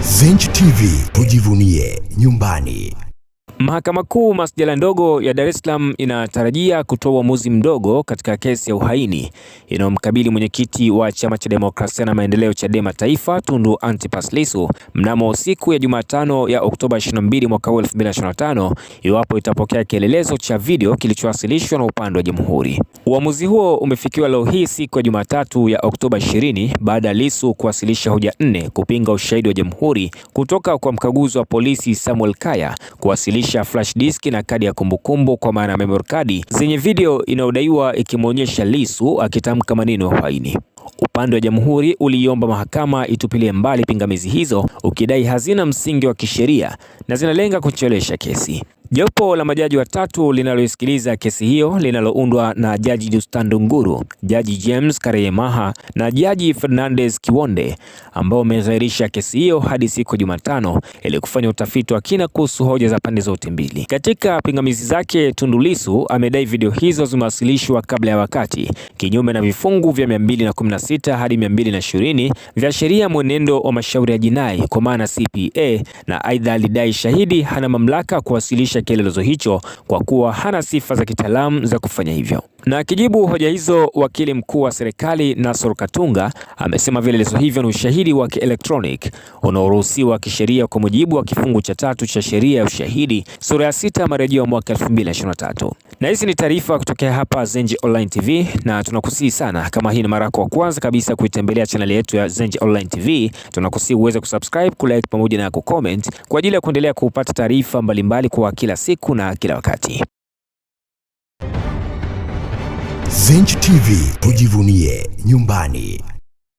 Zenj TV tujivunie nyumbani. Mahakama Kuu masjala ndogo ya Dar es Salaam inatarajia kutoa uamuzi mdogo katika kesi ya uhaini inayomkabili mwenyekiti wa chama cha demokrasia na maendeleo Chadema Taifa Tundu Antipas Lissu mnamo siku ya Jumatano ya Oktoba 22 mwaka 2025 iwapo itapokea kielelezo cha video kilichowasilishwa na upande wa Jamhuri. Uamuzi huo umefikiwa leo hii siku ya Jumatatu ya Oktoba 20 baada ya Lissu kuwasilisha hoja nne kupinga ushahidi wa Jamhuri kutoka kwa mkaguzi wa polisi Samuel Kaya kuwasilisha inajumuisha flash disk na kadi ya kumbukumbu kwa maana ya memory card zenye video inayodaiwa ikimwonyesha Lissu akitamka maneno ya uhaini. Upande wa jamhuri uliiomba mahakama itupilie mbali pingamizi hizo, ukidai hazina msingi wa kisheria na zinalenga kuchelesha kesi. Jopo la majaji watatu linaloisikiliza kesi hiyo linaloundwa na Jaji Justin Dunguru, Jaji James Kareyemaha na Jaji Fernandez Kiwonde ambao wamedhairisha kesi hiyo hadi siku ya Jumatano ili kufanya utafiti wa kina kuhusu hoja za pande zote mbili. Katika pingamizi zake, Tundu Lissu amedai video hizo zimewasilishwa kabla ya wakati, kinyume na vifungu vya 216 hadi 220 vya sheria mwenendo wa mashauri ya jinai kwa maana CPA, na aidha alidai shahidi hana mamlaka kuwasilisha kuendesha kielelezo hicho kwa kuwa hana sifa za kitaalamu za kufanya hivyo. Na akijibu hoja hizo, wakili mkuu wa serikali Nasor Katunga amesema vielelezo hivyo ni ushahidi wa kielektroniki unaoruhusiwa kisheria kwa mujibu wa kifungu cha tatu cha sheria ya ushahidi sura ya sita marejeo ya mwaka 2023. Na hizi ni taarifa kutokea hapa Zenji Online TV, na tunakusihi sana, kama hii ni mara yako kwanza kabisa kuitembelea chaneli yetu ya Zenji Online TV, tunakusihi uweze kusubscribe, kulike pamoja na kucomment kwa ajili ya kuendelea kupata taarifa mbalimbali kwa kila siku na kila wakati. Zenj TV tujivunie nyumbani.